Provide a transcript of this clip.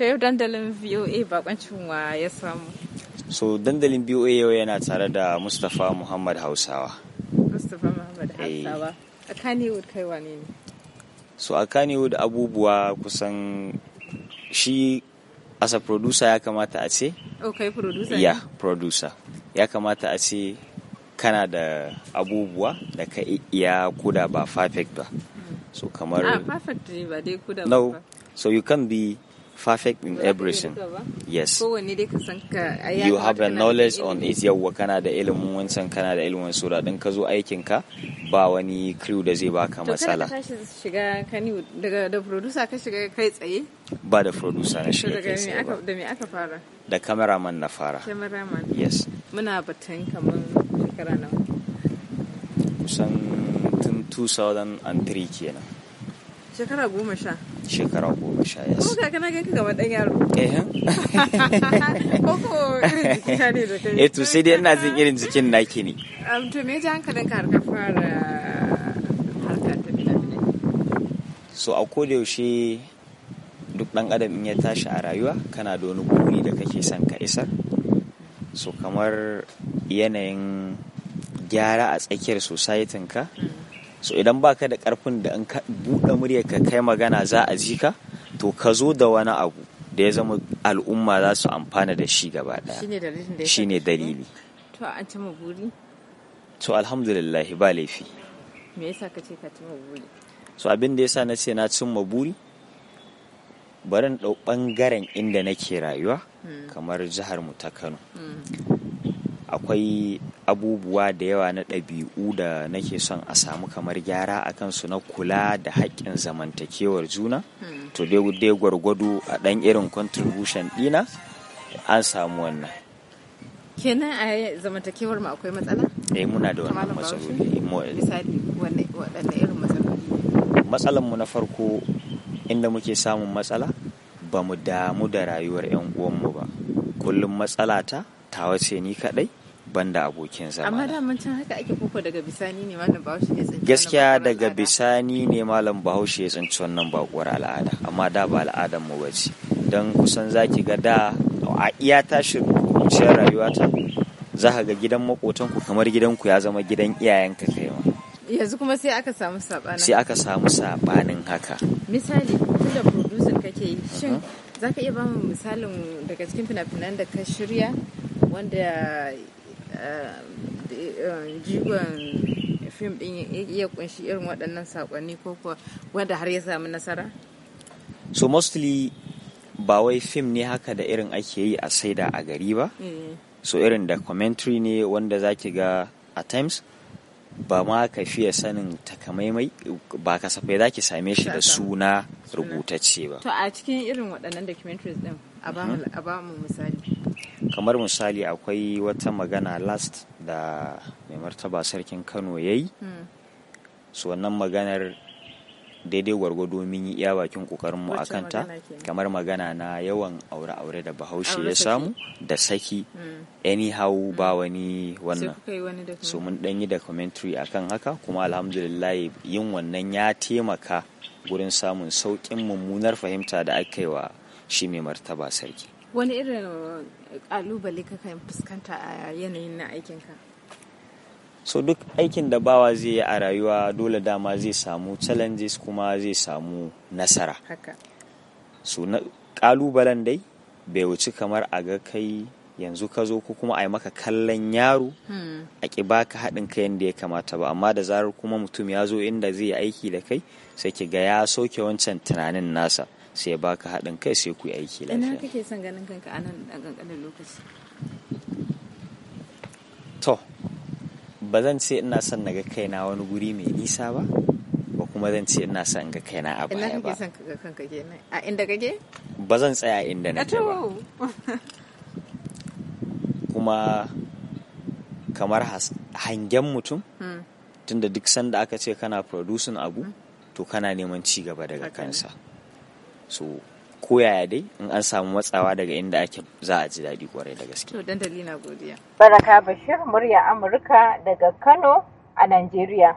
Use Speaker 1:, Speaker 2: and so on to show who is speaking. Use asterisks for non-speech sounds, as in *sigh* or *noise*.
Speaker 1: To yau dandalin VOA bakoncin wa ya samu.
Speaker 2: So dandalin VOA yau yana tare da Mustapha Muhammad Hausawa.
Speaker 1: Mustapha Muhammad eh. Hausawa. A Kannywood kai wane ne?
Speaker 2: So a Kannywood abubuwa kusan shi as a producer ya kamata a ce?
Speaker 1: Okay, oh, producer. Ya, yeah,
Speaker 2: producer. Ya kamata a ce kana da abubuwa da ka iya kuda ba perfect ba. Mm. So kamar... Ah,
Speaker 1: perfect ba dai kuda ba. No,
Speaker 2: so you can be perfect in everything. Yes.
Speaker 1: You have a knowledge on
Speaker 2: it yau kana da ilimin wancan kana da ilimin sura din ka zo aikin ka ba wani crew da zai baka matsala. To kada
Speaker 1: ka shiga kani daga da producer ka shiga kai tsaye?
Speaker 2: Ba da producer na shiga kai tsaye.
Speaker 1: Da me aka fara?
Speaker 2: Da cameraman na fara.
Speaker 1: Cameraman. Yes. Muna batun kamar shekara nawa?
Speaker 2: Kusan tun 2003 kenan.
Speaker 1: Shekara goma sha.
Speaker 2: Shekara goma sha yes. Kuma
Speaker 1: kaka na ganka kamar ɗan yaro. Eh. *laughs* Koko irin jikina ne da kai. Eh
Speaker 2: to sai dai ina zin irin jikin naki ne.
Speaker 1: Um, to me ji hankalin ka harkar fara harkar
Speaker 2: ta fina-finai? So a koda yaushe duk dan adam in ya tashi a rayuwa kana da wani guri da kake son ka isar. So kamar yanayin gyara a tsakiyar society ka. Mm. so idan baka da karfin da an buɗe murya ka kai magana za a ji ka to ka zo da wani abu da ya zama al'umma za su amfana da shi gaba ɗaya shine dalili
Speaker 1: to an ci maguri
Speaker 2: to alhamdulillah ba laifi
Speaker 1: me yasa ka ce ka ci maguri
Speaker 2: so abin da yasa na ce na cin buri barin ɗau ɓangaren inda nake rayuwa hmm. kamar jihar mu ta kano hmm. akwai abubuwa da yawa na ɗabi'u da nake son a samu kamar gyara a kansu na kula da haƙƙin zamantakewar juna hmm. to dai gwargwado a ɗan irin contribution ɗina an samu wannan
Speaker 1: kenan a zamantakewar mu akwai matsala?
Speaker 2: eh muna da wannan matsaloli eh, misali waɗanne irin matsaloli matsalan mu na farko inda muke samun matsala ba mu damu da rayuwar 'yan uwanmu ba kullum matsala ta tawa ce ni kaɗai banda abokin zama amma
Speaker 1: daman haka ake koko daga bisani ne malam bahaushe ya tsinci
Speaker 2: gaskiya daga bisani ne malam bahaushe ya tsinci wannan bakuwar al'ada amma da ba al'adan mu bace don kusan zaki ga da a iya tashi kunciyar rayuwa ta za ka ga gidan makotanku kamar gidanku ya zama gidan iyayenka kai ma
Speaker 1: yanzu kuma sai aka samu sabanin sai
Speaker 2: aka samu sabanin haka
Speaker 1: misali da producer kake yi shin zaka iya ba mu misalin daga cikin fina-finan da ka shirya wanda jigon fim din ya kunshi irin waɗannan sakonni ko kuwa wanda har ya samu nasara?
Speaker 2: so mostly ba wai fim ne haka da irin ake yi a saida a gari ba eh. so irin da commentary ne wanda zaki ga a times ba ma ka fiye sanin takamaimai ba kasafai za ki same shi da suna rubutacce ba. To
Speaker 1: a cikin irin waɗannan documentaries ɗin a ba mu misali.
Speaker 2: kamar misali akwai wata magana last da mai martaba sarkin kano ya yi hmm. su wannan maganar daidai gwargwado min yi iya bakin kokarinmu a kanta kamar magana na yawan aure-aure da bahaushe ya samu da saki hmm. anyhow hmm. ba wani wannan so mun dan yi documentary akan haka kuma alhamdulillah yin wannan ya taimaka gurin samun sauƙin mummunar fahimta da aka yi wa shi mai martaba sarki
Speaker 1: wani irin kalubale eh, ka kan fuskanta a yanayin na aikinka
Speaker 2: so duk aikin da bawa zai yi a rayuwa dole dama zai samu challenges kuma zai samu nasara haka so na kalubalen dai bai wuci kamar a ga kai yanzu ka zo ko kuma a yi maka kallon yaro hmm. a ki baka haɗin kai yadda ya kamata ba amma da zarar kuma mutum ya zo inda zai yi aiki da kai sai ki ga ya soke wancan tunanin nasa sai ya baka haɗin kai sai ku yi aiki lafiya ina
Speaker 1: kake son ganin kanka anan a ƙanƙanin lokaci
Speaker 2: to ba zan ce ina son na ga kaina wani guri mai nisa ba ba kuma zan ce ina son ga kaina a baya ba ina kake son
Speaker 1: ka ga kanka a inda kake
Speaker 2: ba zan tsaya inda nake ba *laughs* kuma kamar hangen mutum hmm. tunda duk sanda aka ce kana producing abu hmm. to kana neman ci gaba daga kansa so yaya dai in an samu matsawa daga inda ake za a ji daɗi kwarai da gaske.
Speaker 1: dandali na Baraka Bashir murya Amurka daga Kano a Najeriya.